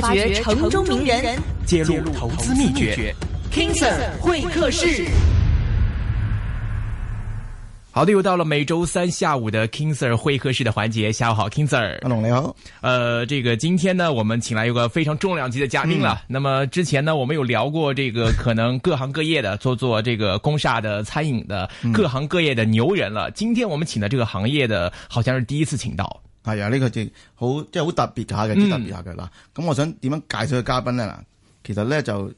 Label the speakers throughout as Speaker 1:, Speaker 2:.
Speaker 1: 發掘城中名人，揭露投資秘訣。King Sir 會客室。好的，又到了每周三下午的 King Sir 會客室的環節。下午好，King Sir。阿龍，你好。Hello. 呃，這個今天呢，我們請來一個非常重量級的嘉賓了。嗯、那麼之前呢，我們有聊過這個可能各行各業的，做做這個工廈的、餐飲的，各行各業的牛人了。今天我們請的這個行業的好像是第一次請到。係啊，呢個正好，即係好特別下嘅，好特別下嘅嗱。咁、嗯、我想點樣介紹個嘉賓咧？嗱，其實咧
Speaker 2: 就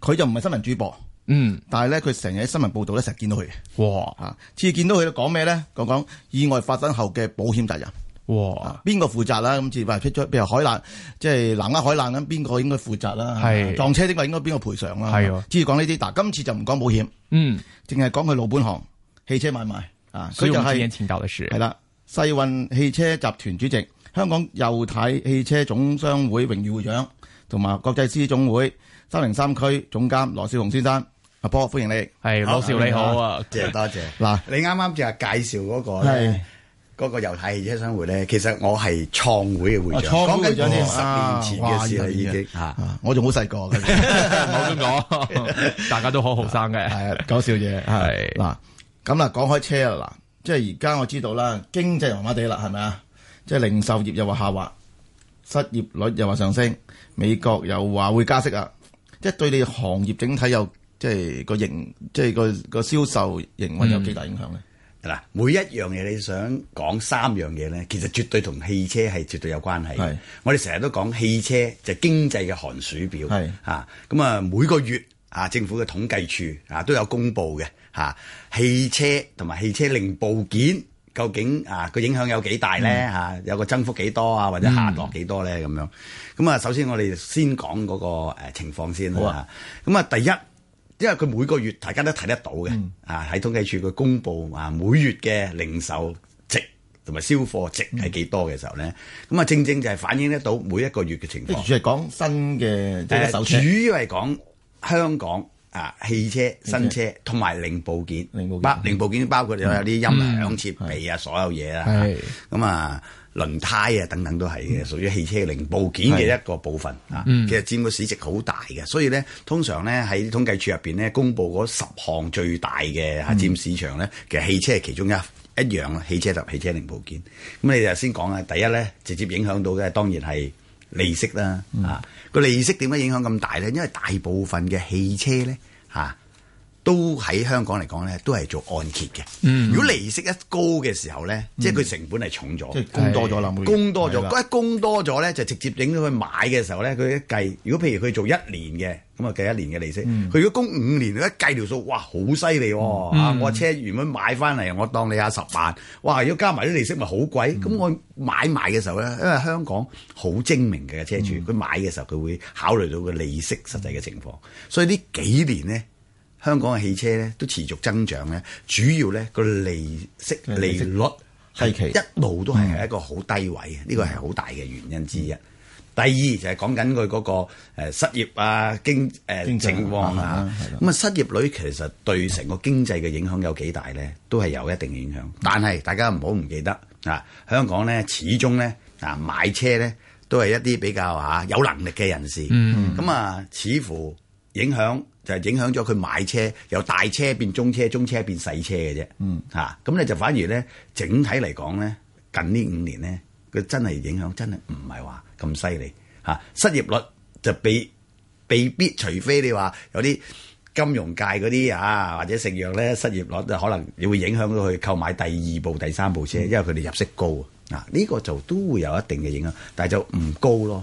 Speaker 2: 佢就唔係新聞主播，嗯，但係咧佢成日喺新聞報道咧成日見到佢。哇，啊，次次見到佢講咩咧？講講意外發生後嘅保險責任。哇，邊個負責啦，啊？咁似話出咗，譬如海難，即、就、係、是、南丫海難咁，邊個應該負責啦，啊？係是撞車呢個應該邊個賠償啦？係哦的，只要講呢啲，嗱，今次就唔講保險，嗯，淨係講佢老本行汽車買賣啊，佢就係、是、前頭嘅事，係啦。世運汽車集團主席、香港油體汽車總商會榮譽會長，同埋國際獅總會三零三區總監羅少雄先生，阿波歡迎你，係羅少，你好啊，謝多謝。嗱，你啱啱就係介紹嗰個咧，嗰
Speaker 3: 個油體汽車商會咧，其實我係
Speaker 2: 創會嘅會長，創會長先十年前嘅事啦，已經吓，我仲好細個嘅，
Speaker 1: 冇咁講，大家都好後生
Speaker 2: 嘅，係搞笑嘢係。嗱，咁啊，講開車啦。即係而家我知道啦，經濟麻麻地啦，係咪啊？即係零售業又話下滑，失業率又話上升，美國又話會加息啊！即係對你行業整體有即係個營，即係個個銷售營運有幾大影響咧？嗱、嗯，每一樣嘢你想講三樣嘢咧，其實絕對同汽車
Speaker 3: 係絕對有關係。係是我哋成日都講汽車就係經濟嘅寒暑表。係啊是，咁啊，每個月啊，政府嘅統計處啊都有公布嘅。啊！汽車同埋汽車零部件究竟啊個影響有幾大咧？嚇，有個增幅幾多啊？或者下落幾多咧？咁樣咁啊，首先我哋先講嗰個誒情況先啦。好啊！咁啊，第一，因為佢每個月大家都睇得到嘅啊，喺統計處佢公布啊每月嘅零售值同埋銷貨值係幾多嘅時候咧，咁啊正正就係反映得到每一個月嘅情況。主要係講新嘅即係主要係講香港。啊，汽車新車同埋零部件，零部件零部件包括有啲音響設備啊，嗯、所有嘢啦、啊。咁是啊，輪胎啊等等都係嘅，嗯、屬於汽車零部件嘅一個部分是啊。其實佔個市值好大嘅，所以咧，通常咧喺統計處入面咧，公布嗰十項最大嘅嚇佔市場咧，嗯、其實汽車係其中一一樣汽車，就係汽車零部件。咁你頭先講嘅，第一咧，直接影響到嘅當然係。利息啦，啊，個、嗯、利息點解影響咁大咧？因為大部分嘅汽車咧，吓、啊。都喺香港嚟講咧，都係做按揭嘅。如果利息一高嘅時候咧，即係佢成本係重咗，供多咗喇供多咗。嗰一供多咗咧，就直接影咗佢買嘅時候咧，佢一計。如果譬如佢做一年嘅，咁啊計一年嘅利息。佢如果供五年咧，計條數，哇，好犀利喎！我車原本買翻嚟，我當你阿十萬，哇！如果加埋啲利息咪好貴。咁我買賣嘅時候咧，因為香港好精明嘅車主，佢買嘅時候佢會考慮到個利息實際嘅情況。所以呢幾年咧。香港嘅汽車咧都持續增長咧，主要咧個利息利息率係一路都係一個好低位，呢個係好大嘅原因之一。嗯、第二就係、是、講緊佢嗰個、呃、失業啊經誒、呃、濟情況啊，咁啊，啊，啊失業率其實對成個經濟嘅影響有幾大咧？都係有一定影響。嗯、但係大家唔好唔記得啊，香港咧始終咧啊買車咧都係一啲比較啊有能力嘅人士，咁、嗯、啊似乎影響。就係影響咗佢買車，由大車變中車，中車變細車嘅啫。嚇，咁咧就反而咧，整體嚟講咧，近呢五年咧，佢真係影響真係，真係唔係話咁犀利嚇。失業率就被被逼，除非你話有啲金融界嗰啲啊，或者食藥咧，失業率就可能你會影響到佢購買第二部、第三部車，嗯、因為佢哋入息高啊。呢、呢個就都會有一定嘅影響，但就唔高咯。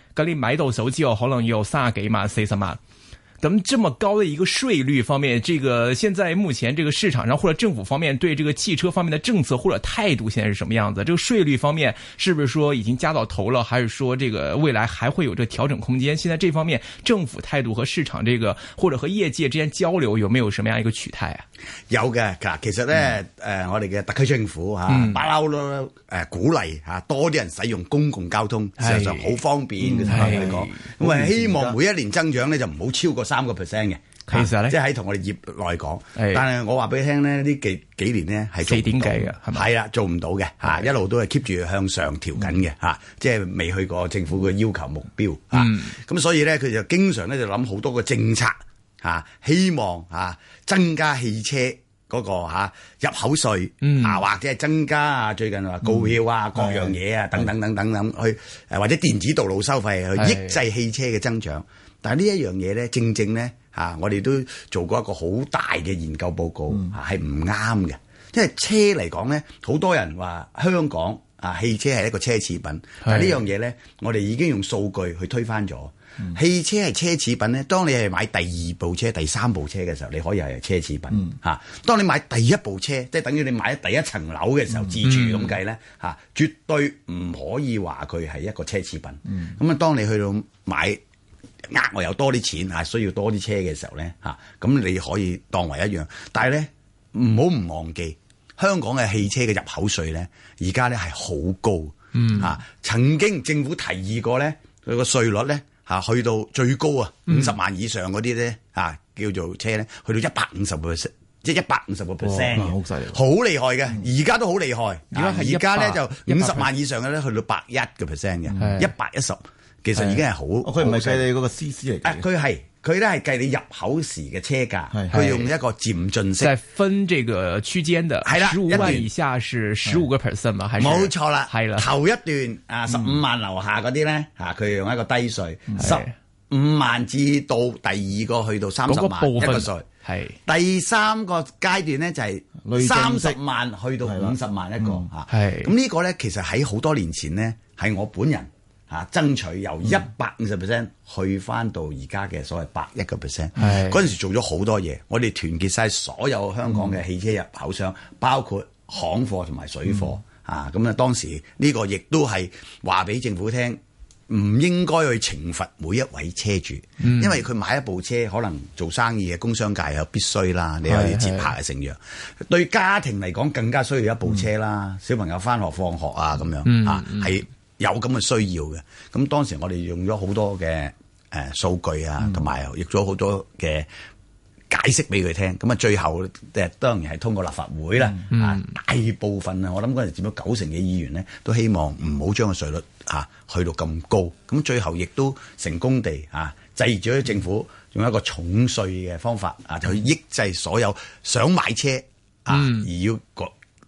Speaker 1: 咁你買到手之後，可能要三十幾萬、四十萬。咱們這麼高的一個稅率方面，這個現在目前這個市場上或者政府方面對這個汽車方面的政策或者態度現在是什麼樣子？這個稅率方面是不是說已經加到頭了，還是說這個未來還會有這調整空間？現在這方面政府態度和市場這個或者和業界之間交流有沒有什麼樣一個取態啊？有的其實、嗯呃、我哋嘅特區政府
Speaker 3: 撈、嗯呃、鼓勵多啲人使用公共交通，實際上好方便嘅，坦白講，咁希望每一年增長、嗯、的就唔好超過。三個 percent 嘅，其實咧，即係喺同我哋業內講。但係我話俾你聽咧，呢幾幾年咧係四點幾嘅，係嘛？係啦，做唔到嘅嚇，一路都係 keep 住向上調緊嘅嚇，即係未去過政府嘅要求目標嚇。咁所以咧，佢就經常咧就諗好多個政策嚇，希望嚇增加汽車嗰個嚇入口稅啊，或者係增加最近話高票啊各樣嘢啊等等等等等去，或者電子道路收費去抑制汽車嘅增長。但係呢一樣嘢呢，正正呢，嚇、啊，我哋都做過一個好大嘅研究報告嚇，係唔啱嘅。因為車嚟講呢，好多人話香港啊，汽車係一個奢侈品。但係呢樣嘢呢，的我哋已經用數據去推翻咗。嗯、汽車係奢侈品呢，當你係買第二部車、第三部車嘅時候，你可以係奢侈品嚇、嗯啊。當你買第一部車，即係等於你買第一層樓嘅時候，自住咁計呢，嚇、嗯嗯啊，絕對唔可以話佢係一個奢侈品。咁、嗯、啊，當你去到買，額外有多啲錢，需要多啲車嘅時候咧，嚇咁你可以當為一樣。但係咧唔好唔忘記，香港嘅汽車嘅入口稅咧，而家咧係好高，嗯、曾經政府提議過咧，佢個稅率咧嚇去到最高啊五十萬以上嗰啲咧叫做車咧，去到一百五十個 percent，即係一百五十個 percent 好犀利，好、就是哦嗯、厲害嘅，而家、嗯、都好厲害，而家呢，咧就五十萬以上嘅咧去到百一個 percent 嘅，一百一十。其實已經係好，佢唔係計你嗰個 CC 嘅，佢係佢咧係計你入口時嘅車價，佢用一個
Speaker 1: 漸進式，係分即係個區間嘅，係啦，十五萬以下是十五個 percent 冇錯啦，
Speaker 3: 係啦，頭一段啊十五萬樓下嗰啲咧吓，佢用一個低稅，十五萬至到第二個去到三十萬部分稅，係第三個階段咧就係三十萬去到五十萬一個吓，係咁呢個咧其實喺好多年前呢，係我本人。啊！爭取由一百五十 percent 去翻到而家嘅所謂百一個 percent，嗰陣時做咗好多嘢。我哋團結晒所有香港嘅汽車入口商，包括行貨同埋水貨、嗯、啊！咁啊，當時呢個亦都係話俾政府聽，唔應該去懲罰每一位車主，嗯、因為佢買一部車可能做生意嘅工商界有必須啦，你有啲節拍嘅承諾。對家庭嚟講更加需要一部車啦，嗯、小朋友翻學放學啊咁樣啊，嗯啊有咁嘅需要嘅，咁當時我哋用咗好多嘅誒數據啊，同埋譯咗好多嘅解釋俾佢聽。咁啊，最後誒當然係通過立法會啦。啊、嗯，大部分啊，我諗嗰陣時佔咗九成嘅議員呢，都希望唔好將個稅率啊去到咁高。咁最後亦都成功地啊，制住咗政府用一個重稅嘅方法啊，就去抑制所有想買車啊而要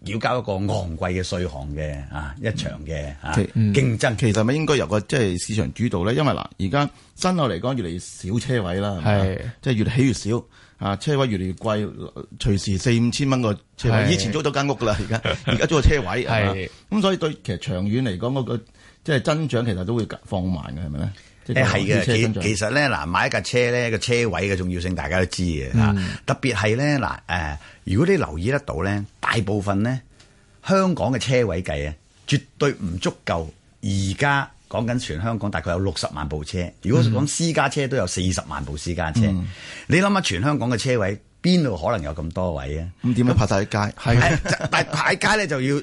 Speaker 3: 要交一個昂貴
Speaker 2: 嘅稅項嘅啊，一場嘅、嗯、啊競爭，其實咪、嗯、應該由個即係、就是、市場主導咧，因為嗱，而家新樓嚟講越嚟越少車位啦，係即係越起越少啊，車位越嚟越貴，隨時四五千蚊個車位，是以前租咗間屋噶啦，而家而家租個車位，係咁是所以對其實長遠嚟講嗰個即係、就是、增長其實都會放慢嘅，係咪咧？
Speaker 1: 誒，係嘅、嗯，其實
Speaker 2: 咧嗱，買一架車咧個車位嘅重要性大家
Speaker 3: 都知嘅吓，嗯、特別係咧嗱誒，如果你留意得到咧，大部分咧香港嘅車位計啊，絕對唔足夠。而家講緊全香港大概有六十萬部車，嗯、如果講私家車都有四十萬部私家車，嗯、你諗下全香港嘅車位邊度可能有咁多位啊？咁點樣拍晒街？係的，但係 街咧就要。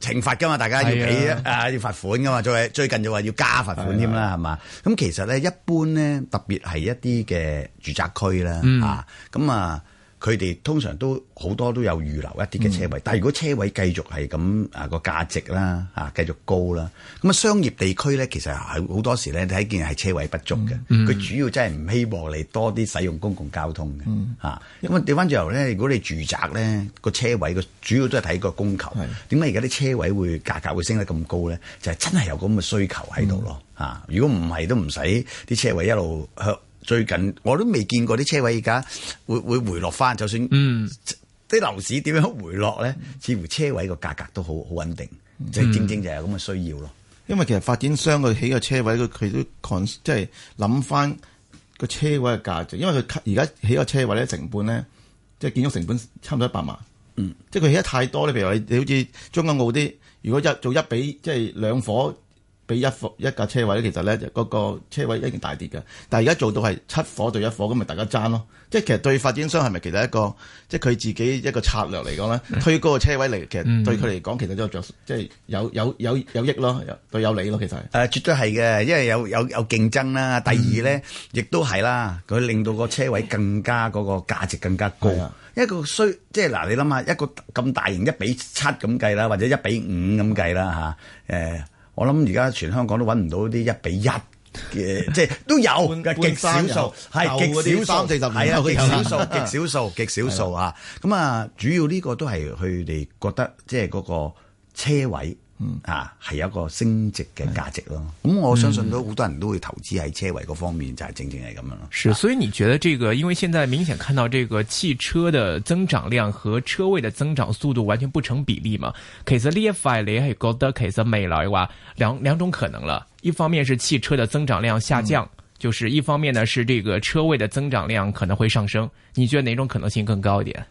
Speaker 3: 懲罰噶嘛，大家要俾是啊，啊要罰款噶嘛，最最近就話要加罰款添啦，係嘛是、啊？咁其實咧，一般咧，特別係一啲嘅住宅區啦，吓咁、嗯、啊。佢哋通常都好多都有預留一啲嘅車位，嗯、但如果車位繼續係咁，啊，個價值啦，啊繼續高啦，咁啊商業地區咧其實係好、啊、多時咧，你睇見係車位不足嘅，佢、嗯、主要真係唔希望你多啲使用公共交通嘅嚇。因為掉翻轉頭咧，如果你住宅咧，個車位嘅主要都係睇個供求，點解而家啲車位會價格會升得咁高咧？就係、是、真係有咁嘅需求喺度咯嚇。如果唔係都唔使啲車位一路。最近我都未見過啲車位而家會會回落翻，就算啲樓市點樣回落咧，嗯、似乎車位個價格都好好穩定，即係、嗯、正正
Speaker 2: 就係咁嘅需要咯。因為其實發展商佢起個車位，佢佢都即係諗翻個車位嘅價值，因為佢而家起個車位咧成本咧，即係建築成本差唔多一百萬。嗯，即係佢起得太多咧，譬如話你,你好似將軍澳啲，如果一做一比即係、就是、兩伙俾一伙一架車位咧，其實咧嗰個車位一定大跌嘅。但係而家做到係七伙對一伙咁咪大家爭咯。即係其實對發展商係咪其實一個，即係佢自己一個策略嚟講咧，的推高個車位嚟，其實對佢嚟講其實都有著，即有有有有益咯，有對有利咯，其實。誒、啊，絕對係嘅，因為有有有
Speaker 3: 競爭啦。第二咧，亦、嗯、都係啦，佢令到個車位更加嗰、那個價值更加高。是的 一個需，即係嗱、啊，你諗下一個咁大型一比七咁計啦，或者一比五咁計啦、啊。我諗而家全香港都揾唔到啲一比一嘅，即係都有 半極少數，係極少三四十係啊，極少數,數, 數，極少數，極少數啊！咁啊，主要呢個都係佢哋覺得即係嗰個車位。嗯啊，係一個升值嘅價值咯。咁是我相信都好多人都會投資喺車位嗰方面，就係、是、正正係咁樣咯。
Speaker 1: 是，所以你覺得這個，因為現在明顯看到這個汽車的增長量和車位的增長速度完全不成比例嘛？其實呢一塊你係覺得其實未來話兩兩種可能啦。一方面是汽車的增長量下降，嗯、就是一方面呢是這個車位的增長量可能會上升。你覺得哪種可能性更高一點？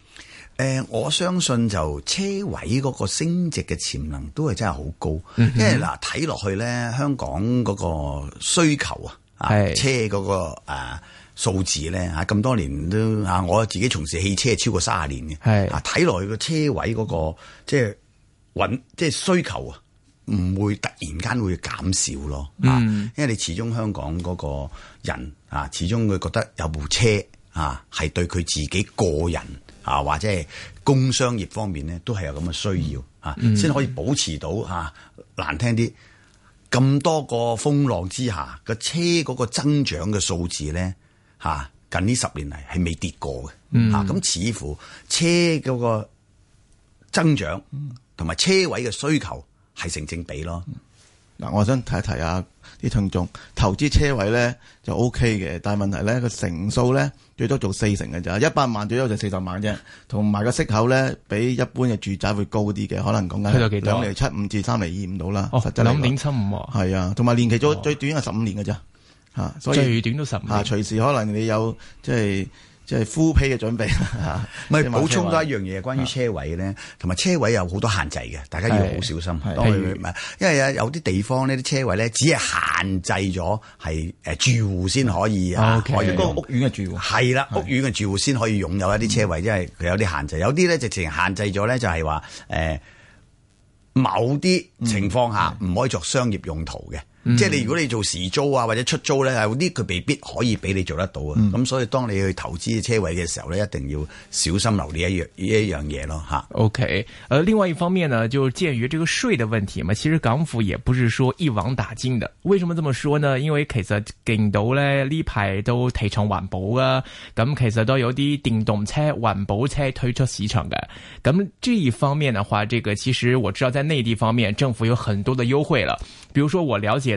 Speaker 3: 誒，我相信就車位嗰個升值嘅潛能都係真係好高，因為嗱睇落去咧，香港嗰個需求啊，車嗰個誒數字咧，吓咁多年都啊，我自己從事汽車超過三十年嘅，啊睇落去個車位嗰個即係穩，即係需求啊，唔會突然間會減少咯，啊、嗯，因為你始終香港嗰個人啊，始終佢覺得有部車啊係對佢自己個人。啊，或者係工商業方面咧，都係有咁嘅需要嚇先、嗯、可以保持到嚇。難聽啲，咁多個風浪之下，個車嗰個增長嘅數字咧嚇，近呢十年嚟係未跌過嘅咁、嗯、似乎車嗰個增長，同埋車位嘅需求係成正比咯。
Speaker 2: 嗱，我想提一提啊，啲聽眾投資車位咧就 O K 嘅，但係問題咧個成數咧最多做四成嘅啫，一百萬最多就四十萬啫，同埋個息口咧比一般嘅住宅會高啲嘅，可能講緊兩厘七五至三厘二五到啦。哦，實際兩點七五，係啊，同埋年期咗最短係十五年嘅啫，哦、所以最短都十五年、啊。隨時可能你有即係。即係敷皮嘅準備，唔係補充多一樣嘢，關於車位咧，同埋車位有好多限制嘅，大家要
Speaker 3: 好小心。譬如，因為有有啲地方呢啲車位咧只係限制咗係誒住戶先可以啊，或者嗰個屋
Speaker 2: 苑嘅住戶係
Speaker 3: 啦，屋苑嘅住戶先可以擁有一啲車位，車位的因為佢有啲限制。有啲咧直情限制咗咧，就係話誒某啲情況下唔可以作商業用途嘅。嗯、即係你如果你做時租啊或者出租咧，係啲佢未必可以俾你做得到啊。咁、嗯、所以當你去投資車位嘅時候咧，一定要
Speaker 1: 小心留意一樣一樣嘢咯吓 OK，呃，另外一方面呢，就鑒於這個稅的問題嘛。其實港府也不是說一網打盡的。為什麼這麼說呢？因為其實勁到咧呢排都提倡環保啊，咁其實都有啲電動車環保車推出市場嘅。咁這一方面嘅話，這個其實我知道在內地方面政府有很多的優惠啦。比如說我了解。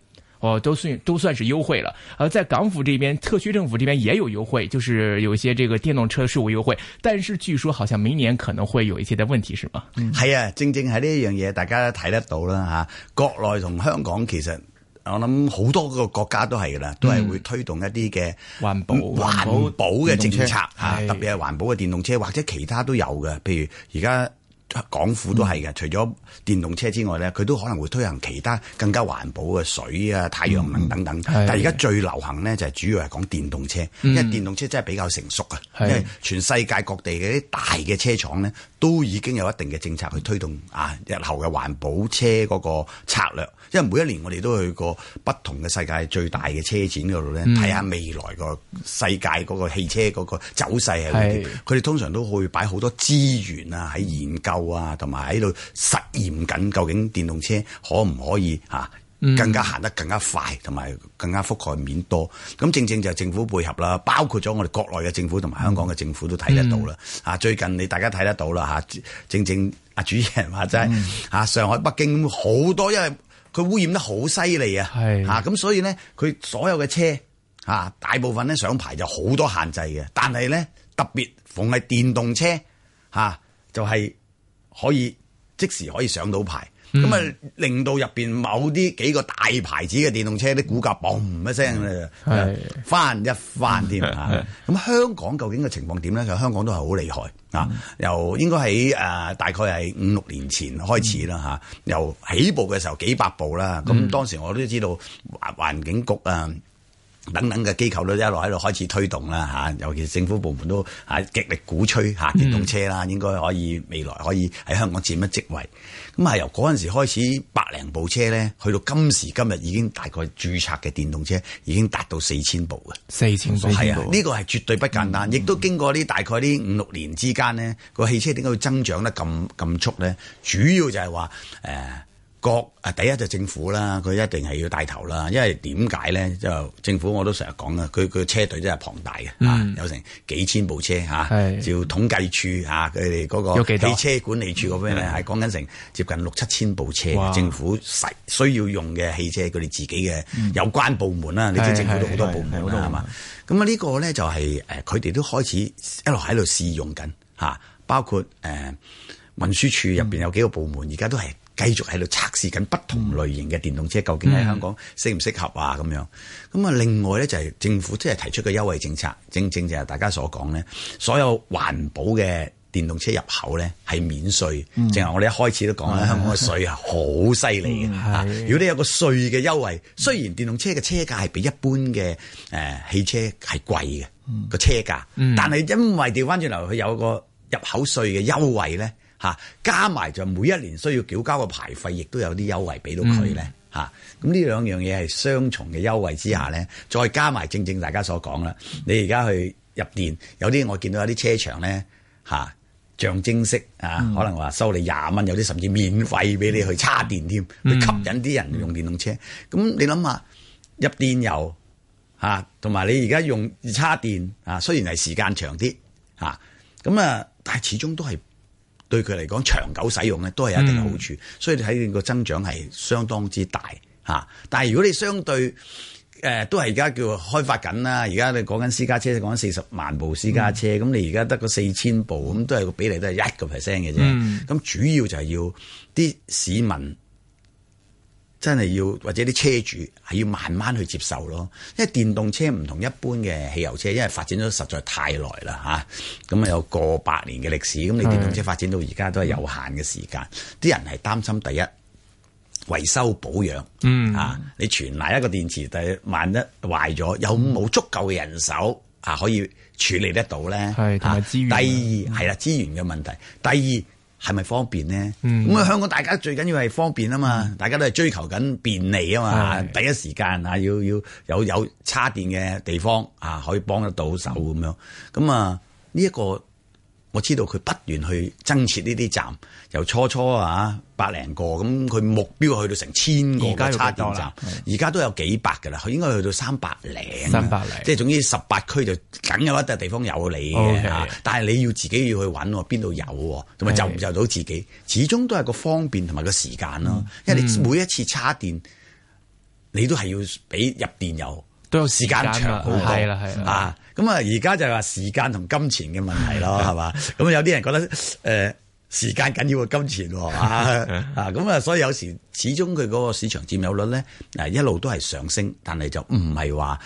Speaker 1: 哦，都算都算是優惠了，而、呃、在港府這邊，特區政府這邊也有優惠，就是有一些這個電動車稅務優惠，但是據說好像明年可能會有一些的問題，是嗎？係、嗯、啊，
Speaker 3: 正正喺呢一樣嘢，大家睇得到啦吓、啊，國內同香港其實我諗好多個國家都係噶啦，嗯、都係會推動一啲嘅環保環、嗯、保嘅政策吓，特別係環保嘅電動車，電動車或者其他都有嘅，譬如而家。港府都係嘅，除咗電動車之外咧，佢都可能會推行其他更加環保嘅水啊、太陽能等等。但係而家最流行咧，就係主要係講電動車，因為電動車真係比較成熟啊，嗯、因為全世界各地嘅啲大嘅車廠咧。都已經有一定嘅政策去推動啊，日後嘅環保車嗰個策略，因為每一年我哋都去過不同嘅世界最大嘅車展嗰度咧，睇下、嗯、未來個世界嗰個汽車嗰個走勢係點。佢哋是通常都會擺好多資源啊，喺研究啊，同埋喺度實驗緊，究竟電動車可唔可以、啊更加行得更加快，同埋更加覆蓋面多。咁正正就係政府配合啦，包括咗我哋國內嘅政府同埋香港嘅政府都睇得到啦。吓、嗯、最近你大家睇得到啦，吓正正阿主持人話齋，嚇，嗯、上海、北京好多，因為佢污染得好犀利啊。係啊，咁所以咧，佢所有嘅車嚇大部分咧上牌就好多限制嘅，但係咧特別逢係電動車吓就係、是、可以即時可以上到牌。咁啊，嗯、令到入邊某啲幾個大牌子嘅電動車啲股價嘣一聲咧，是翻一翻添嚇。咁、啊、香港究竟嘅情況點咧？就香港都係好厲害啊！由應該喺誒、呃、大概係五六年前開始啦嚇、嗯啊，由起步嘅時候幾百部啦，咁、啊嗯啊、當時我都知道環環境局啊，等等嘅機構都一路喺度開始推動啦嚇，尤其是政府部門都喺極力鼓吹嚇電動車啦，嗯、應該可以未來可以喺香港佔乜地位？咁啊由嗰陣時開始百零部車咧，去到今時今日已經大概註冊嘅電動車已經達到四千部嘅，四千部係啊，呢、呢個係絕對不簡單，亦、嗯、都經過呢大概呢五六年之間呢個汽車點解會增長得咁咁速咧？主要就係話誒。呃各啊，第一就政府啦，佢一定係要帶頭啦。因為點解咧？就政府我都成日講啦，佢佢車隊真係龐大嘅嚇，有成幾千部車嚇，就統計處吓，佢哋嗰個汽車管理處嗰邊咧，係講緊成接近六七千部車。政府需要用嘅汽車，佢哋自己嘅有關部門啦，你知政府都好多部門好多係嘛。咁啊，呢個咧就係誒，佢哋都開始一路喺度試用緊嚇，包括誒運輸處入邊有幾個部門，而家都係。繼續喺度測試緊不同類型嘅電動車，究竟喺香港適唔適合啊？咁樣咁啊，另外咧就係政府即係提出個優惠政策，正正就係大家所講咧，所有環保嘅電動車入口咧係免稅。嗯、正如我哋一開始都講啦，嗯、香港嘅稅啊好犀利嘅。嗯、如果你有個稅嘅優惠，雖然電動車嘅車價係比一般嘅誒、呃、汽車係貴嘅個車價，嗯、但係因為調翻轉頭佢有個入口稅嘅優惠咧。吓，加埋就每一年需要繳交嘅牌費，亦都有啲優惠俾到佢咧。咁呢、嗯啊、兩樣嘢係雙重嘅優惠之下咧，再加埋正正大家所講啦。你而家去入電，有啲我見到有啲車場咧像、啊、象徵式啊，嗯、可能話收你廿蚊，有啲甚至免費俾你去叉電，添，吸引啲人用電動車。咁、嗯、你諗下，入電油吓同埋你而家用叉電啊，雖然係時間長啲嚇，咁啊，但係始終都係。對佢嚟講，長久使用咧都係有一定嘅好處，嗯、所以睇見個增長係相當之大、啊、但係如果你相對，誒、呃、都係而家叫開發緊啦。而家你講緊私家車，講緊四十萬部私家車，咁、嗯、你而家得個四千部，咁都係個比例都係一個 percent 嘅啫。咁、嗯、主要就係要啲市民。真係要或者啲車主係要慢慢去接受咯，因為電動車唔同一般嘅汽油車，因為發展咗實在太耐啦吓，咁啊有過百年嘅歷史，咁你電動車發展到而家都係有限嘅時間，啲的人係擔心第一維修保養，嗯啊，你存埋一個電池第萬一壞咗，有冇足夠嘅人手啊可以處理得到咧？係同埋資源、啊。第二係啦，資源嘅問題。第二係咪方便呢？咁啊、嗯，香港大家最緊要係方便啊嘛！嗯、大家都係追求緊便利啊嘛，的第一時間啊，要要有有充電嘅地方啊，可以幫得到手咁樣。咁啊，呢、這、一個。我知道佢不斷去增設呢啲站，由初初啊百零個，咁佢目標去到成千個差電站，而家都有幾百噶啦，佢應該去到三百零。三百零，即係總之十八區就梗有一笪地方有你嘅 Okay 但係你要自己要去揾邊度有，同埋就唔就到自己，的始終都係個方便同埋個時間咯。嗯、因為你每一次差電，你都係要俾入電油，都有時間長好多啊！咁啊，而家就係話時間同金錢嘅問題咯，係嘛？ 咁有啲人覺得誒時間緊要過金錢喎啊啊！咁啊， 所以有時始終佢嗰個市場佔有率咧，嗱一路都係上升，但係就唔係話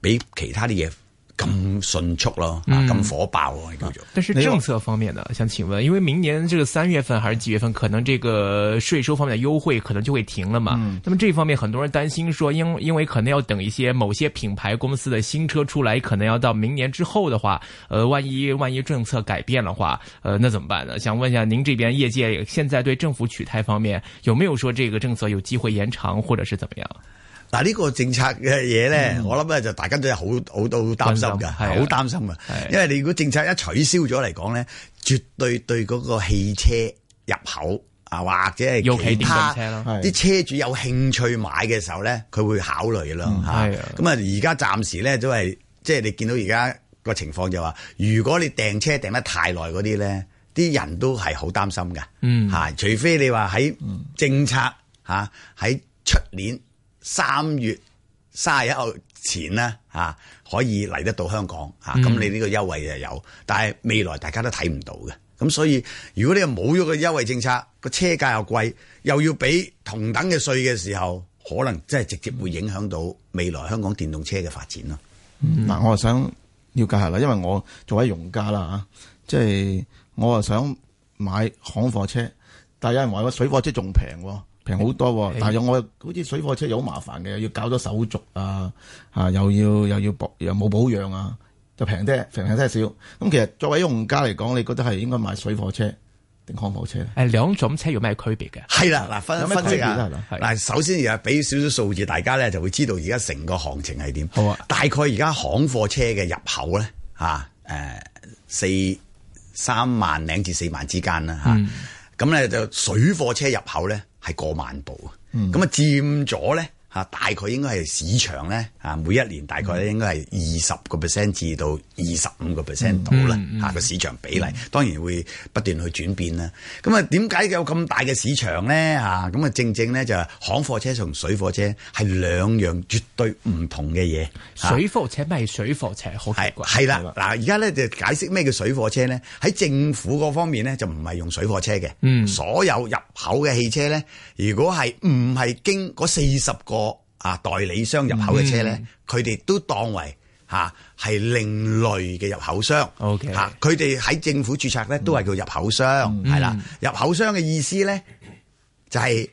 Speaker 3: 比其他啲嘢。咁迅速咯，咁、嗯啊、火爆啊！但是政
Speaker 1: 策方面呢，想請問，因為明年這個三月份還是幾月份，可能這個稅收方面的優惠可能就會停了嘛？那麼、嗯、這方面很多人擔心說因，因因為可能要等一些某些品牌公司的新車出來，可能要到明年之後的話，呃，萬一萬一政策改變的話，呃，那怎麼辦呢？想問一下，您這邊業界現在對政府取態方面有沒有說這個政策有機會延長，或者是怎麼樣？
Speaker 3: 嗱呢個政策嘅嘢咧，嗯、我諗咧就大家都好好好擔心㗎，好的擔心㗎，的因為你如果政策一取消咗嚟講咧，的絕對對嗰個汽車入口啊或者係其他啲車主有興趣買嘅時候咧，佢會考慮咯吓。咁、嗯、啊，而家的暫時咧都係即係你見到而家個情況就話、是，如果你訂車訂得太耐嗰啲咧，啲人都係好擔心㗎。吓、嗯啊、除非你話喺政策吓喺出年。三月三十一號前呢，吓、啊、可以嚟得到香港吓，咁、啊啊、你呢個優惠就有，但係未來大家都睇唔到嘅。咁、啊、所以如果你又冇咗個優惠政策，個車價又貴，又要俾同等嘅稅嘅時候，可能
Speaker 2: 真係直接會影響到未來香港電動車嘅發展咯。嗱、嗯，嗯、我啊想了解下啦，因為我做位用家啦吓，即、就、係、是、我啊想買行貨車，但係有人話個水貨車仲平喎。平好多，但係我好似水貨車又好麻煩嘅，又要搞咗手續啊，啊又要又要又保又冇保養啊，就平啲，平啲少。咁其實作為用家嚟講，你覺得係應該買水貨車定行貨
Speaker 1: 車咧？誒，兩種車有咩區別嘅？係啦，嗱，分分析啊，嗱，首
Speaker 3: 先又俾少少數字，大家咧就會知道而家成個行情係點。好啊，大概而家行貨車嘅入口咧，吓誒四三萬零至四萬之間啦，吓咁咧就水貨車入口咧。係過萬步啊，咁啊佔咗咧。大概應該係市場咧，啊每一年大概咧應該係二十個 percent 至到二十五個 percent 度啦，嚇個、嗯嗯、市場比例、嗯、當然會不斷去轉變啦。咁啊點解有咁大嘅市場咧？嚇咁啊正正咧就係行貨車同水貨車係兩樣絕對唔同嘅嘢。水貨車咪水貨車，好奇怪。係啦，嗱而家咧就解釋咩叫水貨車咧？喺政府嗰方面咧就唔係用水貨車嘅，嗯、所有入口嘅汽車咧，如果係唔係經嗰四十個。啊！代理商入口嘅車咧，佢哋、嗯、都當為吓係、啊、另類嘅入口商。O K，吓佢哋喺政府注冊咧，嗯、都係叫入口商，係啦、嗯。入口商嘅意思咧，就係、是、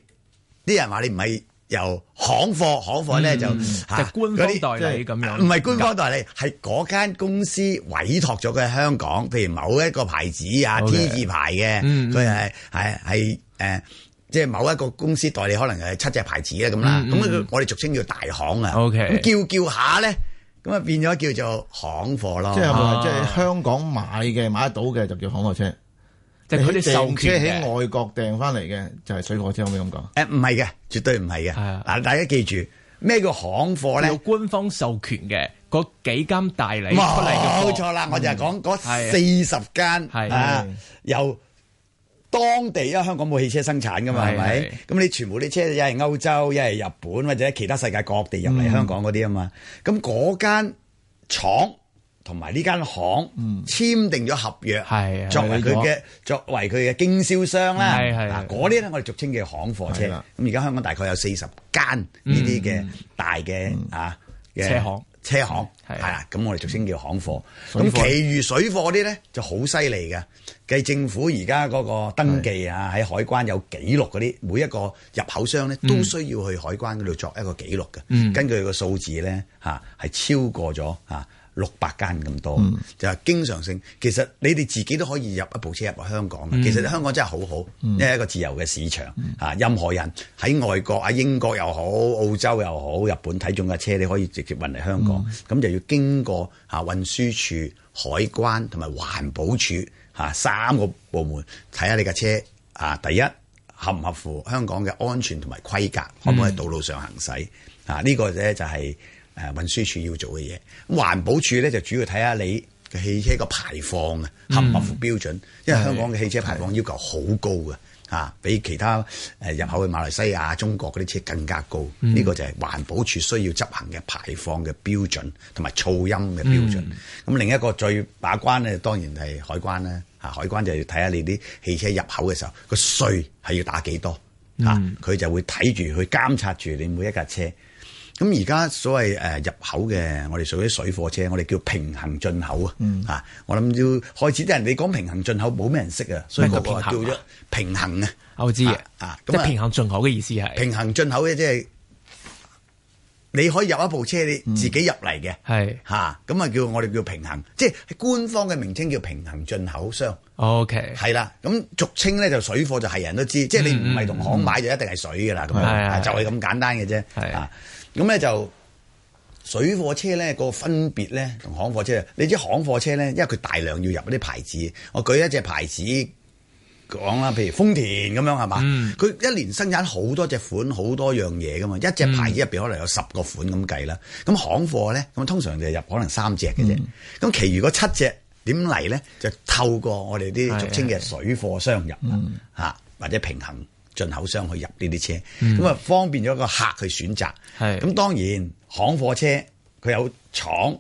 Speaker 3: 啲人話你唔係由行貨行貨咧就吓、嗯啊、官啲，代理。咁樣，唔係官方代理，係嗰間公司委託咗佢喺香港，譬如某一個牌子啊 Okay,，T 字牌嘅，佢係係係誒。即係某一個公司代理，可能係七隻牌子咧咁啦。咁我哋俗稱叫大行啊。咁叫叫下咧，咁啊變咗叫做行貨咯。即係即係
Speaker 2: 香港買嘅、買得到嘅就叫行貨車。即係佢哋授權喺外國訂翻嚟嘅就係水貨車，可唔可以咁講？誒，唔係嘅，絕對唔係嘅。大家記
Speaker 1: 住咩叫行貨咧？有官方授權嘅嗰幾間代理出嚟嘅。冇錯啦，我就係講嗰四十間啊，
Speaker 3: 當地，因為香港冇汽車生產噶嘛，係咪？咁你全部啲車，一係歐洲，一係日本或者其他世界各地入嚟香港嗰啲啊嘛。咁嗰間廠同埋呢間行簽訂咗合約，作為佢嘅作為佢嘅經銷商啦。嗱，嗰啲咧，我哋俗稱嘅行貨車。咁而家香港大概有四十間呢啲嘅大嘅啊嘅車行。車行係啊，咁我哋俗稱叫行貨。咁、嗯、其餘水貨啲咧就好犀利嘅，計政府而家嗰個登記啊，喺海關有記錄嗰啲，每一個入口商咧都需要去海關嗰度作一個記錄嘅。嗯、根據個數字咧吓，係、啊、超過咗吓六百間咁多，嗯、就係經常性。其實你哋自己都可以入一部車入去香港、嗯、其實香港真係好好，因為、嗯、一個自由嘅市場、嗯、任何人喺外國，英國又好，澳洲又好，日本睇中嘅車，你可以直接運嚟香港。咁、嗯、就要經過嚇運輸署、海關同埋環保署、啊、三個部門睇下你架車、啊、第一合唔合乎香港嘅安全同埋規格，可唔可以道路上行駛？啊這個、呢個咧就係、是。誒運輸署要做嘅嘢，環保署咧就主要睇下你嘅汽車嘅排放啊，合唔合乎標準？嗯、因為香港嘅汽車排放要求好高嘅，嗯、比其他入口去馬來西亞、嗯、中國嗰啲車更加高。呢個就係環保署需要執行嘅排放嘅標準同埋噪音嘅標準。咁、嗯、另一個最把關咧，當然係海關啦。海關就要睇下你啲汽車入口嘅時候個稅係要打幾多嚇，佢、嗯啊、就會睇住去監察住你每一架車。咁而家所謂誒入口嘅，我哋屬於水貨車，我哋叫平衡進口啊！嚇，我諗要開始啲人，你講平衡進口冇咩人識啊，所以我話叫咗平衡啊。我知嘅啊，咁平衡進口嘅意思係平衡進口咧，即係你可以入一部車，你自己入嚟嘅係嚇，咁啊叫我哋叫平衡，即係官方嘅名稱叫平衡進口商。
Speaker 1: OK，係
Speaker 3: 啦，咁俗稱咧就水貨就係人都知，即係你唔係同行買就一定係水噶啦，咁就係咁簡單嘅啫，啊。咁咧就水貨車咧個分別咧同行貨車。你知行貨車咧，因為佢大量要入嗰啲牌子，我舉一隻牌子講啦，譬如豐田咁樣係嘛？佢、嗯、一年生產好多隻款好多樣嘢噶嘛，一隻牌子入邊可能有十個款咁計啦。咁行、嗯、貨咧，咁通常就入可能三隻嘅啫。咁、嗯、其餘嗰七隻點嚟咧？就透過我哋啲俗稱嘅水貨商入吓、嗯、或者平衡進口商去入呢啲車，咁啊、嗯、方便咗個客去選擇。咁是當然行貨車佢有廠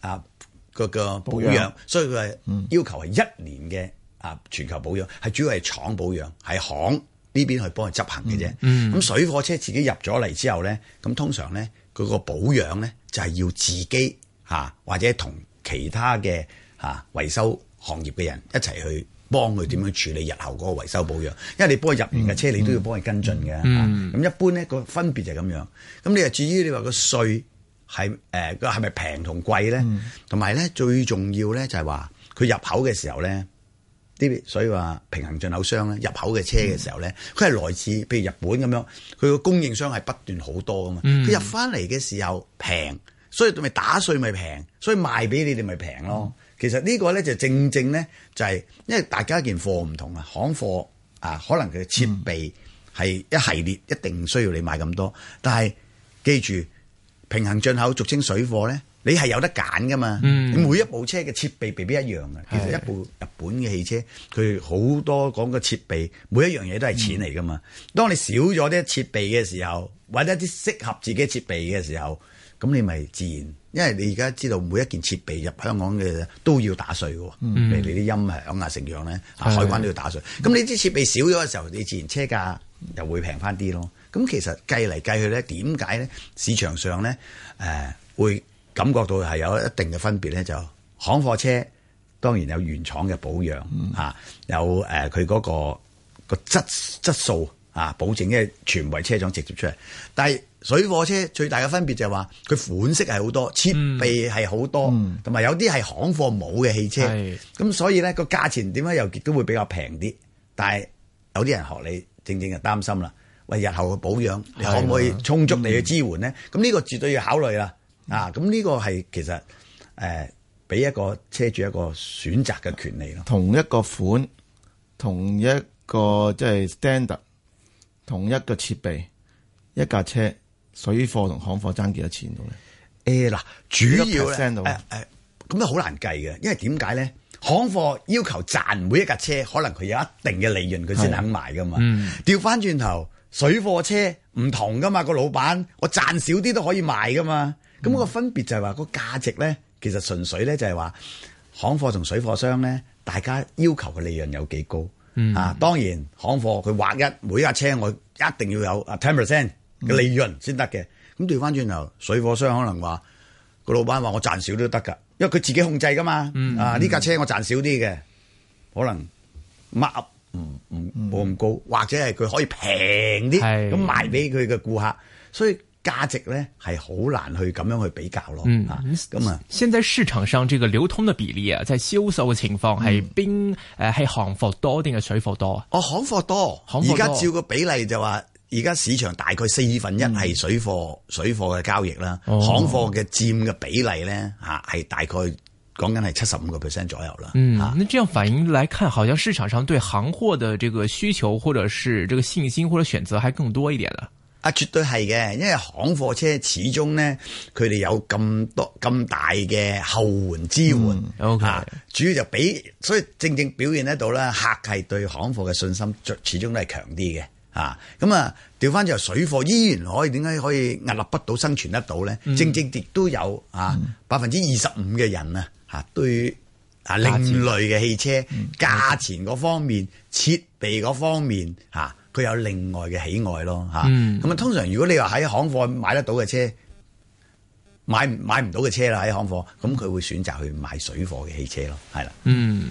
Speaker 3: 啊個個保養，保養所以佢要求係一年嘅啊全球保養，係、嗯、主要係廠保養，係行呢邊去幫佢執行嘅啫。咁、嗯、水貨車自己入咗嚟之後咧，咁通常咧佢個保養咧就係要自己嚇或者同其他嘅嚇維修行業嘅人一齊去。幫佢點樣處理日後嗰個維修保養，因為你幫佢入完嘅車，嗯、你都要幫佢跟進嘅。咁、嗯啊、一般咧個分別就係咁樣。咁你又至於你話個稅係誒係咪平同貴咧？同埋咧最重要咧就係話佢入口嘅時候咧，啲所以話平行進口商咧入口嘅車嘅時候咧，佢係、嗯、來自譬如日本咁樣，佢個供應商係不斷好多噶嘛。佢、嗯、入翻嚟嘅時候平，所以咪打稅咪平，所以賣俾你哋咪平咯。嗯其實呢個咧就正正咧就係、是，因為大家件貨唔同貨啊，行貨啊可能佢設備係一系列，嗯、一定唔需要你買咁多。但係記住，平行進口俗稱水貨咧，你係有得揀噶嘛？嗯、你每一部車嘅設備未必一樣嘅。其實一部日本嘅汽車，佢好是的 多講嘅設備，每一樣嘢都係錢嚟噶嘛。嗯、當你少咗啲設備嘅時候，或者一啲適合自己嘅設備嘅時候，咁你咪自然。因為你而家知道每一件設備入香港嘅都要打稅喎，譬、嗯、如你啲音響啊成樣咧，是的 海關都要打稅。咁是的 你啲設備少咗嘅時候，你自然車價又會平翻啲咯。咁其實計嚟計去咧，點解咧？市場上咧，誒、呃、會感覺到係有一定嘅分別咧，就行貨車當然有原廠嘅保養、嗯啊、有佢嗰、呃那個個質質，質素。啊！保證嘅全為車廠直接出嚟，但係水貨車最大嘅分別就係話佢款式係好多，設備係好多，同埋、嗯、有啲係行貨冇嘅汽車。咁、嗯、所以咧個價錢點解又都會比較平啲？但係有啲人學你正正就擔心啦。喂，日後嘅保養，你可唔可以充足你嘅支援呢？嗯、咁呢個絕對要考慮啦。嗯、啊，咁呢個係其實誒俾、呃、一
Speaker 2: 個車主一個選擇嘅權利咯。同一個款，同一個即係 standard。同一個設備，一架車，水貨同行貨爭幾多錢到咧？誒，嗱，主要咧，誒、呃、誒，咁都好
Speaker 3: 難計嘅，因為點解咧？行貨要求賺每一架車，可能佢有一定嘅利潤，佢先肯賣噶嘛。調翻轉頭，水貨車唔同噶嘛，個老闆我賺少啲都可以賣噶嘛。咁、我個分別就係話個價值咧，其實純粹咧就係話行貨同水貨商咧，大家要求嘅利潤有幾高。嗯、啊，當然行貨佢劃一每一架車我一定要有啊 ten percent 嘅利潤先得嘅，咁，調翻轉頭，水貨商可能話個老闆話我賺少都得㗎，因為佢自己控制㗎嘛，嗯、啊呢架車我賺少啲嘅，嗯、可能 mark up 唔唔冇咁高，或者係佢可以平啲咁賣俾佢嘅顧客，所以。價值咧
Speaker 1: 係好難去咁樣去比較咯。嗯，咁啊，現在市場上這個流通的比例啊，即係銷售嘅情況係邊誒係行貨多定係水貨多啊？哦，
Speaker 3: 行貨多，而家照個比例就話，而家市場大概四分一係水貨，嗯、水貨嘅交易啦，哦、行貨嘅佔嘅比例咧吓係大概講
Speaker 1: 緊係七十五個 percent 左右啦。嗯，那這樣反映來看，好像市場上對行貨的這個需求，或者是這個信心或者選擇，還更多一點啦。
Speaker 3: 啊，絕對係嘅，因為行貨車始終呢，佢哋有咁多咁大嘅後援支援嚇、嗯 okay 啊，主要就比，所以正正表現得到，咧，客係對行貨嘅信心，始終都係強啲嘅嚇。咁啊，調、嗯、翻、嗯、就水貨依然可以點解可以屹立不倒生存得到呢？嗯、正正亦都有嚇百分之二十五嘅人啊嚇，對啊，另類嘅汽車價錢嗰、嗯、方面、設備嗰方面嚇。啊佢有另外嘅喜愛咯，嚇！咁啊，通常如果你話喺行貨買得到嘅車，買買唔到嘅車啦喺行貨，咁佢會選擇去買水貨嘅汽車咯，係啦。
Speaker 1: 嗯。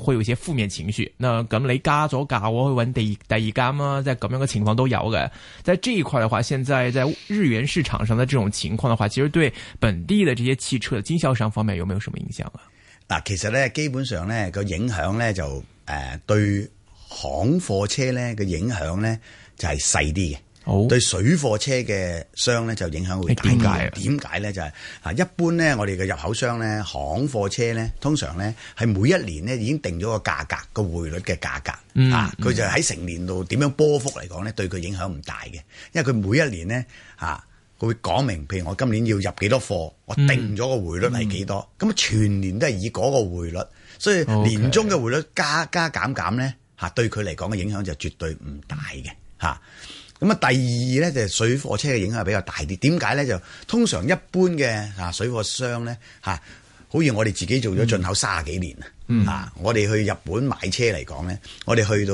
Speaker 1: 會有一些負面情緒，嗱，咁你加咗價，我去揾第第二間啊。即係咁樣嘅情況都有嘅。喺呢一塊嘅話，現在在日元市場上嘅這種情況嘅話，其實對本地嘅這些汽車經銷商方面有冇有什麼影響啊？
Speaker 3: 嗱，其實咧，基本上咧個影響咧就誒對行貨車咧嘅影響咧就係細啲嘅。Oh. 對水貨車嘅商咧就影響會大啲。點解咧？就係啊，一般咧我哋嘅入口商咧，行貨車咧，通常咧係每一年咧已經定咗個價格個匯率嘅價格，啊，佢、mm hmm. 就喺成年度點樣波幅嚟講咧，對佢影響唔大嘅。因為佢每一年咧啊，佢會講明，譬如我今年要入幾多貨，我定咗個匯率係幾多，咁啊、mm hmm. 全年都係以嗰個匯率，所以年中嘅匯率加加減減咧吓，對佢嚟講嘅影響就絕對唔大嘅吓。咁啊，第二咧就係水貨車嘅影響比較大啲。點解咧？就通常一般嘅啊水貨商咧嚇，好似我哋自己做咗進口卅幾年、嗯、啊，我哋去日本買車嚟講咧，我哋去到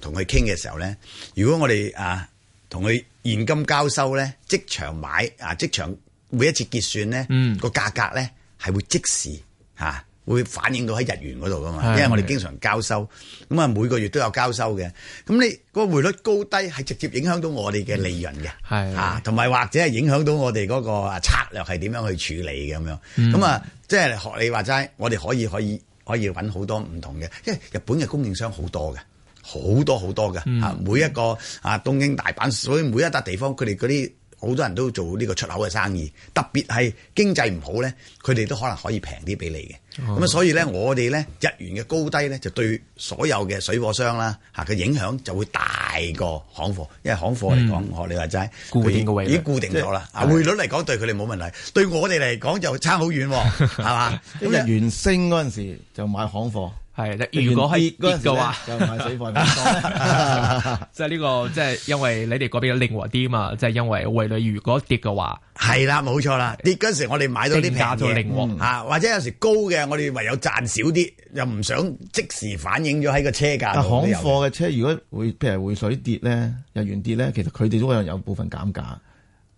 Speaker 3: 同佢傾嘅時候咧，如果我哋啊同佢現金交收咧，即場買啊，即場每一次結算咧，個價格咧係會即時嚇。啊會反映到喺日元嗰度噶嘛？因為我哋經常交收，咁啊每個月都有交收嘅。咁你個匯率高低係直接影響到我哋嘅利潤嘅，同埋、嗯啊、或者係影響到我哋嗰個策略係點樣去處理嘅咁樣咁、嗯、啊，即係學你話齋，我哋可以可以可以揾好多唔同嘅，因為日本嘅供應商好多嘅，好多好多嘅嚇、啊。每一個啊東京大阪，所以每一笪地方佢哋嗰啲好多人都做呢個出口嘅生意，特別係經濟唔好咧，佢哋都可能可以平啲俾你嘅。咁啊，嗯、所以咧，嗯、我哋咧日元嘅高低咧，就對所有嘅水貨商啦，吓嘅影響就會大過行貨，因為行貨嚟講，我哋話齋固定嘅匯率已經固定咗啦。匯、就是啊、率嚟講對佢哋冇問題，對我哋嚟講就差好遠，係嘛 吧？因為元升
Speaker 1: 嗰陣時就買行貨。係，如果係跌嘅話，就買水貨。即係呢個，即係因為你哋嗰邊有靈活啲嘛，即係因為為你如果跌嘅話，係啦， 冇錯啦，跌嗰時我哋買到啲平嘢，啊、嗯，或者有時高嘅，我哋
Speaker 3: 唯有賺少啲，又唔想即時反映咗喺個車價。行貨
Speaker 2: 嘅車，如果會譬如匯水跌咧，日元跌咧，其實佢哋都可能有部分減價。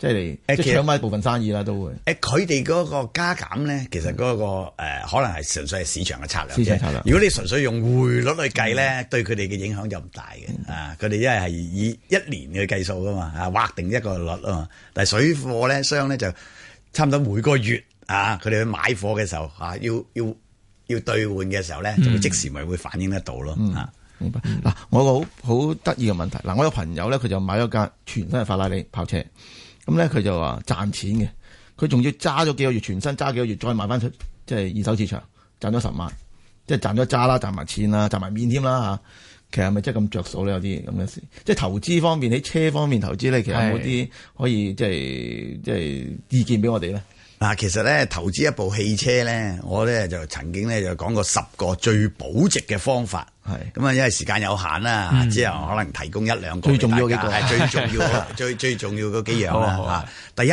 Speaker 2: 即係誒，其他部分生
Speaker 3: 意啦都會誒，佢哋嗰個加減咧，其實嗰、那個、嗯呃、可能係純粹係市場嘅策,策略。策略，如果你純粹用匯率去計咧，嗯、對佢哋嘅影響就唔大嘅、嗯、啊！佢哋因為係以一年去計數噶嘛，啊劃定一個率啊嘛。但係水貨咧，商咧就差唔多每個月啊，佢哋去買貨嘅時候啊，要要要兌換嘅時候咧，嗯、就會即時咪會反映得到
Speaker 2: 咯、嗯、啊！明白嗱、啊，我個好好得意嘅問題嗱、啊，我有朋友咧，佢就買咗架全新嘅法拉利跑車。咁咧佢就話賺錢嘅，佢仲要揸咗幾個月，全身揸幾個月再賣翻出，即係二手市場賺咗十萬，即係賺咗揸啦，賺埋錢啦，賺埋面添啦吓。其實係咪真係咁着數咧？有啲咁嘅事，即係投資方面喺車方面投資咧，其實有冇啲可以即係即係意見俾我哋咧？嗱，其實咧投資一部汽車咧，我咧就曾
Speaker 3: 經咧就講過十個最保值嘅方法。係咁啊，因為時間有限啦，嗯、之後可能提供一兩個最重要嘅幾個， 最重要的最 最重要幾樣啦、啊。第一，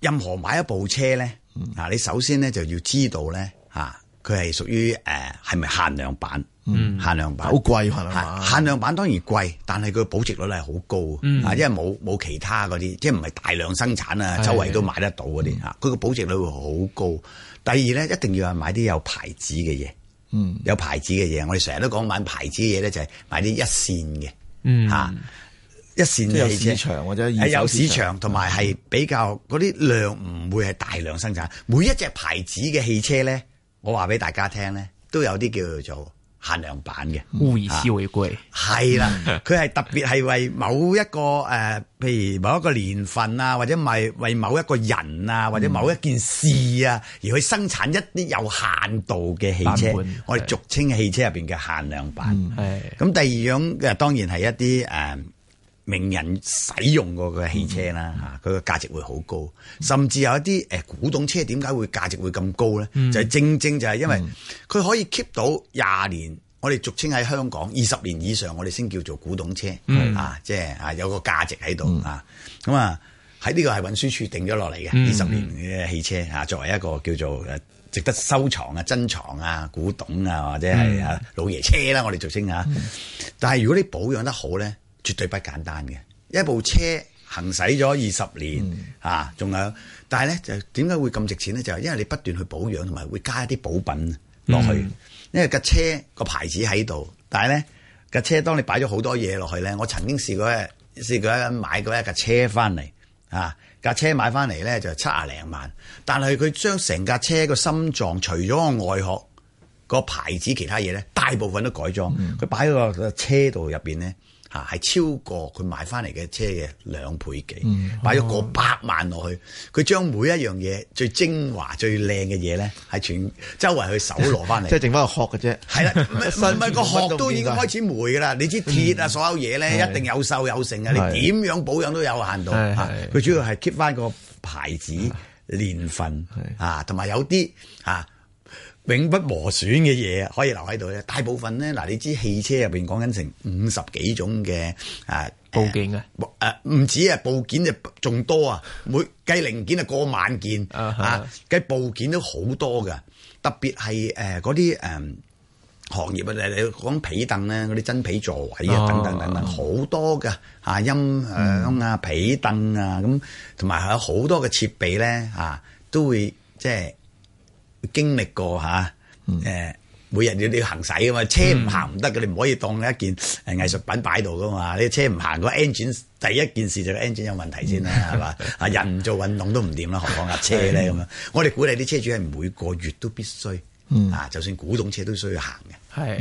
Speaker 3: 任何買一部車咧，啊，你首先咧就要知道咧，吓、啊。佢係屬於誒，係、呃、咪，限量版，嗯、限量版好貴，限量版限量版，當然貴，但係佢保值率係好高啊！嗯、因為冇冇，其他嗰啲，即係唔係大量生產啊，的周圍都買得到嗰啲嚇，佢嘅、嗯、保值率會好高。第二咧，一定要係買啲有牌子嘅嘢，嗯、有牌子嘅嘢。我哋成日都講買牌子嘅嘢咧，就係買啲一,一線嘅嚇、嗯啊，一線嘅汽車有市場或者係、呃、有市場，同埋係比較嗰啲量唔會係大量生產，嗯、每一隻牌子嘅汽車咧。我話俾大家聽咧，都有啲叫做限量版嘅，物以稀為貴、啊，係啦，佢係特別係為某一個誒、呃，譬如某一個年份啊，或者係為某一個人啊，或者某一件事啊，嗯、而去生產一啲有限度嘅汽車，我哋俗稱汽車入邊嘅限量
Speaker 2: 版。係
Speaker 3: 咁、嗯，第二樣嘅當然係一啲誒。呃名人使用過嘅汽車啦，吓，佢嘅價值會好高，嗯、甚至有一啲誒古董車，點解會價值會咁高咧？嗯、就係正正就係因為佢可以 keep 到廿年，嗯、我哋俗稱喺香港二十年以上，我哋先叫做古董車，嗯、啊，即係啊有個價值喺度、嗯、啊。咁啊喺呢個係運輸署定咗落嚟嘅二十年嘅汽車啊，作為一個叫做誒值得收藏啊、珍藏啊、古董啊或者係啊老爺車啦，我哋俗稱啊。嗯、但係如果你保養得好咧。絕對不簡單嘅，一部車行駛咗二十年，嗯、啊，仲有，但係咧就點解會咁值錢咧？就係因為你不斷去保養同埋會加一啲補品落去，嗯、因為架車個牌子喺度，但係咧架車當你擺咗好多嘢落去咧，我曾經試過試過買過一架車翻嚟啊，架車買翻嚟咧就七廿零萬，但係佢將成架車個心臟，除咗個外殼，個牌子，其他嘢咧大部分都改裝，佢擺喺個車度入邊咧。啊，係超過佢買翻嚟嘅車嘅兩倍幾，買咗過百萬落去，佢將每一樣嘢最精華、最靚嘅嘢咧，係全周圍去搜
Speaker 2: 羅翻嚟，即係剩翻個殼嘅啫。係
Speaker 3: 啦，唔係唔係個殼都已經開始霉噶啦，你知鐵啊，所有嘢咧一定有瘦有剩嘅，你點樣保養都有限度。係係，
Speaker 2: 佢主要係 keep 翻個
Speaker 3: 牌子年份，啊，同埋有啲啊。永不磨損嘅嘢可以留喺度咧，大部分咧嗱，你知汽車入邊講緊成五十幾種嘅啊部件啊，誒唔止啊部件就仲多啊，每計零件就過萬件啊，計部件都好多㗎，特別係誒嗰啲誒行業啊，你你講皮凳咧，嗰啲真皮座位啊，等等等等好多㗎，啊音響啊皮凳啊咁，同埋有好多嘅設備咧啊，都會即係。經歷過吓，誒每日要要行駛啊嘛，車唔行唔得嘅，你唔可以當你一件誒藝術品擺度噶嘛。你車唔行，個 engine 第一件事就係 engine 有問題先啦，係嘛？啊人唔做運動都唔掂啦， 何況架車咧咁樣？我哋鼓勵啲車主係每個月都必須，
Speaker 2: 啊， 就算古董車都需要行嘅。係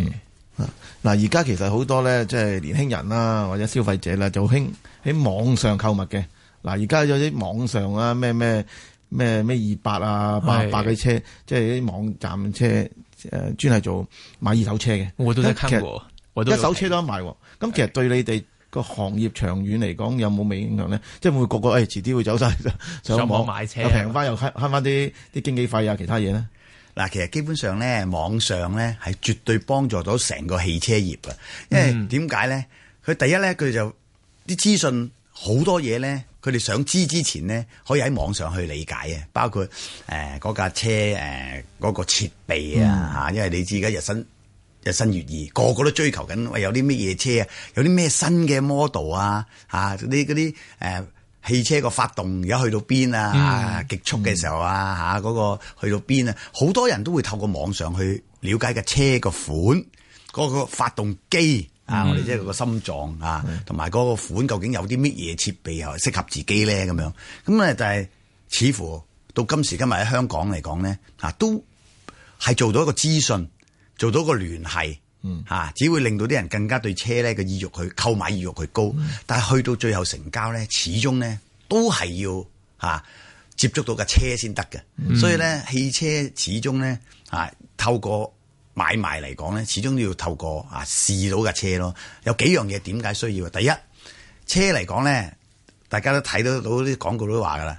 Speaker 2: 嗱而家其實好多咧，即係年輕人啦或者消費者啦，就興喺網上購物嘅。嗱而家有啲網上啊咩咩。什麼什麼咩咩二八啊八八嘅車，是即係啲網站車，誒、嗯，專係做買二手車嘅。我都睇過，實我都一手車都有買。咁其實對你哋個行業長遠嚟講，有冇咩影響咧？即係會，會每個個誒，遲、哎、啲會走晒上網上網買車，平翻又慳慳翻啲啲經紀費啊，其他嘢咧。嗱，其實基本上
Speaker 3: 咧，網上咧係絕對幫助咗成個汽車業啊。因為點解咧？佢、嗯、第一咧，佢就啲資訊好多嘢咧。佢哋想知之前呢可以喺網上去理解啊，包括誒嗰架車誒嗰、呃嗰個設備啊、嗯、因為你知而家日新日新月異，個個都追求緊，喂有啲乜嘢車啊，有啲咩新嘅 model 啊嚇，啲嗰啲誒汽車個發動而家去到邊啊嚇，嗯、極速嘅時候啊嚇，嗰、啊嗰個去到邊啊，好多人都會透過網上去了解架車個款，嗰、嗰個發動機。啊！我哋即係個心臟啊，同埋嗰個款究竟有啲乜嘢設備適合自己咧？咁樣咁咧就係似乎到今時今日喺香港嚟講咧，啊都係做到一個資訊，做到一個聯繫，嚇、啊，只會令到啲人更加對車咧嘅意欲去購買意欲去高，嗯、但係去到最後成交咧，始終咧都係要嚇、啊、接觸到架車先得嘅，嗯、所以咧汽車始終咧啊透過，買賣嚟講咧，始終都要透過啊試到架車咯。有幾樣嘢點解需要？第一，車嚟講咧，大家都睇得到啲廣告都話噶啦。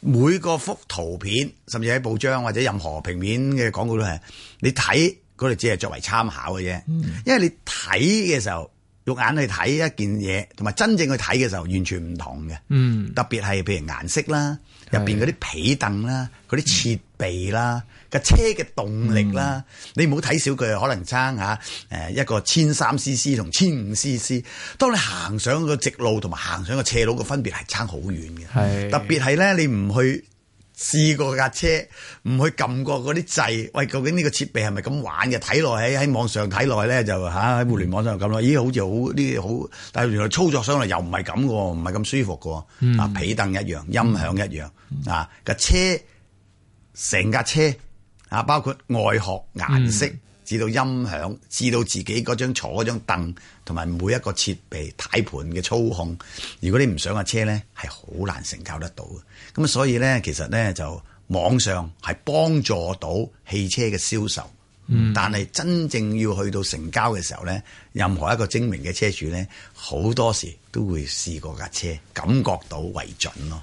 Speaker 3: 每個幅圖片，甚至喺報章或者任何平面嘅廣告都係，你睇嗰度只係作為參考嘅啫。嗯、因為你睇嘅時候，肉眼去睇一件嘢，同埋真正去睇嘅時候完全唔同嘅。嗯，特別，特別係譬如顏色啦，入邊嗰啲被凳啦，嗰啲設備啦。嗯嗯架車嘅動力啦，嗯、你唔好睇小佢，可能差嚇一個千三 CC 同千五 CC，當你行上個直路同埋行上個斜路嘅分別係差好遠嘅，是特別係咧你唔去試過架車，唔去撳過嗰啲掣，喂，究竟呢個設備係咪咁玩嘅？睇落喺喺網上睇落去咧就吓喺互聯網上咁咯，咦，好似好呢啲好，但係原來操作上嚟又唔係咁喎，唔係咁舒服喎。啊、嗯、皮凳一樣，音響一樣，啊架車成架車。啊！包括外殼顏色，至到音響，至到自己嗰張坐嗰張凳，同埋每一個設備軚盤嘅操控。如果你唔上架車呢，係好難成交得到嘅。咁所以呢，其實呢，就網上係幫助到汽車嘅銷售。嗯，但係真正要去到成交嘅時候呢，任何一個精明嘅車主呢，好
Speaker 1: 多時都會試過架車，感覺到為準咯。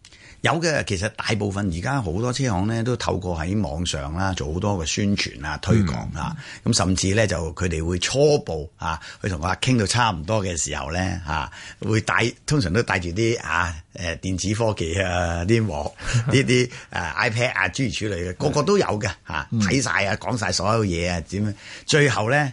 Speaker 3: 有嘅，其實大部分而家好多車行咧都透過喺網上啦，做好多嘅宣傳啊、推廣、嗯、啊，咁甚至咧就佢哋會初步啊，佢同我傾到差唔多嘅時候咧嚇、啊，會帶通常都帶住啲啊誒電子科技啊啲和呢啲 iPad 啊諸如此類嘅，個個都有嘅嚇，睇晒啊、嗯、講晒所有嘢啊點樣，最後咧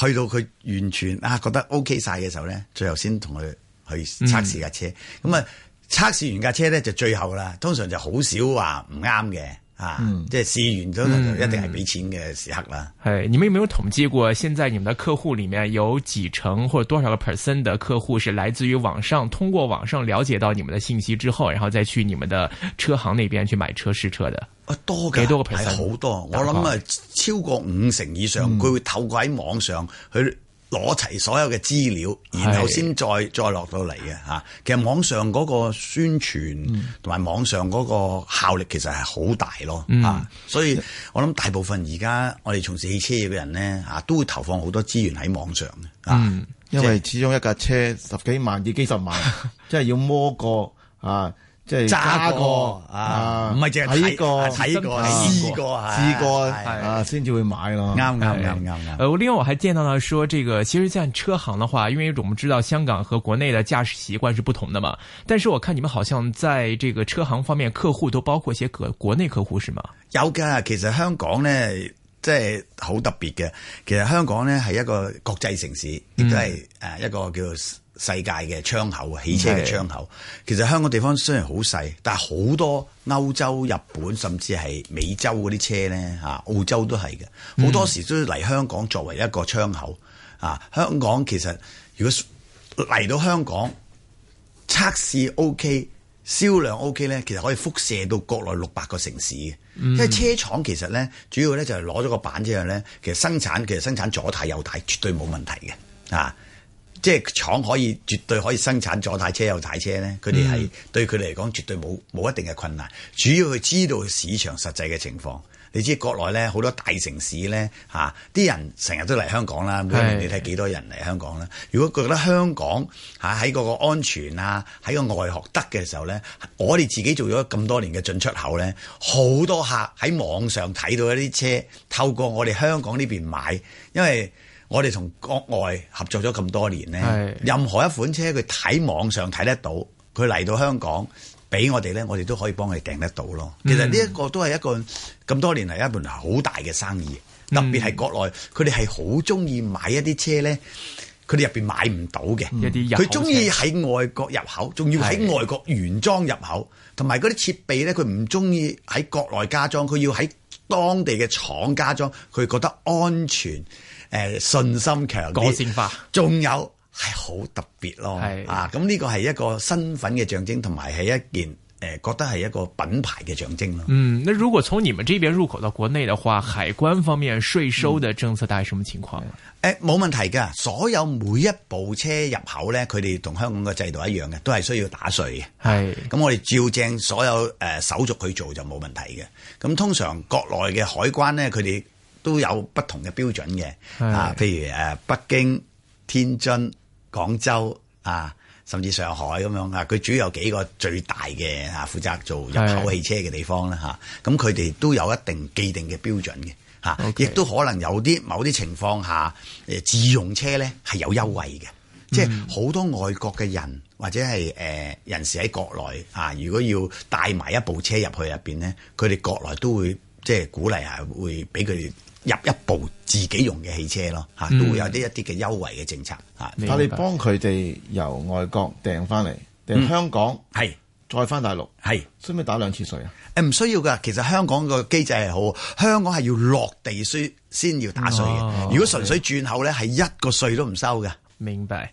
Speaker 3: 去到佢完全啊覺得 OK 晒嘅時候咧，最後先同佢去測試架車咁、嗯嗯、啊。測試完架車呢就最後啦，通常就好少話唔啱嘅，嗯、啊，即係試完咗一定係俾錢嘅時刻啦。
Speaker 1: 係、嗯嗯，你哋有冇統計過？現在你們嘅客戶裏面有幾成或者多少個 percent 嘅客戶係來自於網上，通過網上了解到你們嘅信息之後，然後再去你們嘅車行那邊去買車試車嘅？啊的，幾多個係好多。我諗啊，
Speaker 3: 超過五成以上，佢、嗯、會透過喺網上去。攞齊所有嘅資料，然後先再的再落到嚟嘅嚇。其實網上嗰個宣傳同埋網上嗰個效力其實係好大咯嚇、嗯啊，所以我諗大部分而家我哋從事汽車嘢嘅人
Speaker 2: 咧嚇、啊，都會投放好多資源喺網上啊，
Speaker 1: 嗯、即因為
Speaker 2: 始終一架車十幾萬至幾十萬， 即係要摸過啊。即係揸過啊，唔係
Speaker 3: 淨係睇過、睇過、試過、試
Speaker 1: 過，係啊，先至會買咯。啱啱啱啱啱。誒，另外我還見到呢，說這個，其實喺車行的話，因為我們知道香港和國內的駕駛習慣是不同的嘛。但是我看你們好像在這個車行方面，客戶都包括一些國國內客戶，是嗎？
Speaker 3: 有噶，其實香港呢，即係好特別嘅。其實香港呢係一個國際城市，亦都係誒一個叫。世界嘅窗口，汽車嘅窗口，是的 其實香港地方雖然好細，但係好多歐洲、日本，甚至係美洲嗰啲車呢吓，澳洲都係嘅，好多時都嚟香港作為一個窗口、嗯、啊！香港其實如果嚟到香港測試 OK，銷量 OK 呢，其實可以輻射到國內六百個城市嘅。嗯、因為車廠其實呢，主要呢就係攞咗個板之後呢，其實生產其實生產左軚右軚，絕對冇問題嘅啊！即係廠可以絕對可以生產左軚車右軚車咧，佢哋係對佢哋嚟講絕對冇冇一定嘅困難，主要佢知道市場實際嘅情況。你知國內咧好多大城市咧吓，啲人成日都嚟香港啦，每年你睇幾多人嚟香港啦。是的 如果覺得香港吓喺個安全啊，喺個外學得嘅時候咧，我哋自己做咗咁多年嘅進出口咧，好多客喺網上睇到一啲車，透過我哋香港呢邊買，因為，我哋同國外合作咗咁多年咧，是任何一款車佢睇網上睇得到，佢嚟到香港俾我哋咧，我哋都可以幫佢訂得到咯。嗯、其實呢一個都係一個咁多年嚟一門好大嘅生意，嗯、特別係國內佢哋係好中意買一啲車咧，佢哋入面買唔到嘅，一啲佢中意喺外國入口，仲要喺外國原裝入口，同埋嗰啲設備咧，佢唔中意喺國內加裝，佢要喺當地嘅廠加裝，佢覺得安全。誒，信心強，個性化，仲有係好、哎、特別咯，的啊！咁呢個係一個身份嘅象徵，同埋係一件誒、呃、覺得係一個品牌嘅象
Speaker 1: 徵咯。嗯，那如果從你們這邊入口到國內的話，海關方面稅收的政策大概什麼情況？誒、嗯，冇、
Speaker 3: 嗯哎、問題噶，所有每一部車入口呢，佢哋同香港嘅制度一樣嘅，都係需要打稅嘅。
Speaker 1: 係
Speaker 3: 的，咁、啊、我哋照正所有誒、呃、手續去做就冇問題嘅。咁通常國內嘅海關呢，佢哋、嗯。都有不同嘅標準嘅，啊，譬如誒、啊、北京、天津、廣州啊，甚至上海咁樣啊，佢主要有幾個最大嘅啊，負責做入口汽車嘅地方啦嚇，咁佢哋都有一定既定嘅標準嘅嚇，亦、啊、Okay 都可能有啲某啲情況下誒自用車咧係有優惠嘅，嗯、即係好多外國嘅人或者係誒、呃、人士喺國內嚇、啊，如果要帶埋一部車入去入邊咧，佢哋國內都會即係鼓勵啊，會俾佢哋，入一部自己用
Speaker 2: 嘅汽車咯，嚇、嗯、都會有啲
Speaker 3: 一啲嘅優惠嘅政策
Speaker 2: 嚇。我哋白幫佢哋由外國訂翻嚟，訂香港係、嗯、再翻大陸係，需唔是是需要打兩次稅啊？誒唔
Speaker 3: 需要噶，其實香港個機制係好，香港係要落地需先要打稅嘅。哦、如果純粹轉口咧，係一個稅都唔收嘅。明白。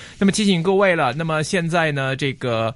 Speaker 1: 那麼提醒各位了，那麼現在呢，這個。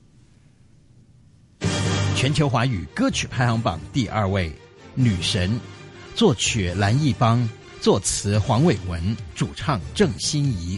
Speaker 1: 全球華語歌曲排行榜第二位，女
Speaker 2: 神，作曲藍奕邦，作詞黃偉文，主唱鄭欣宜。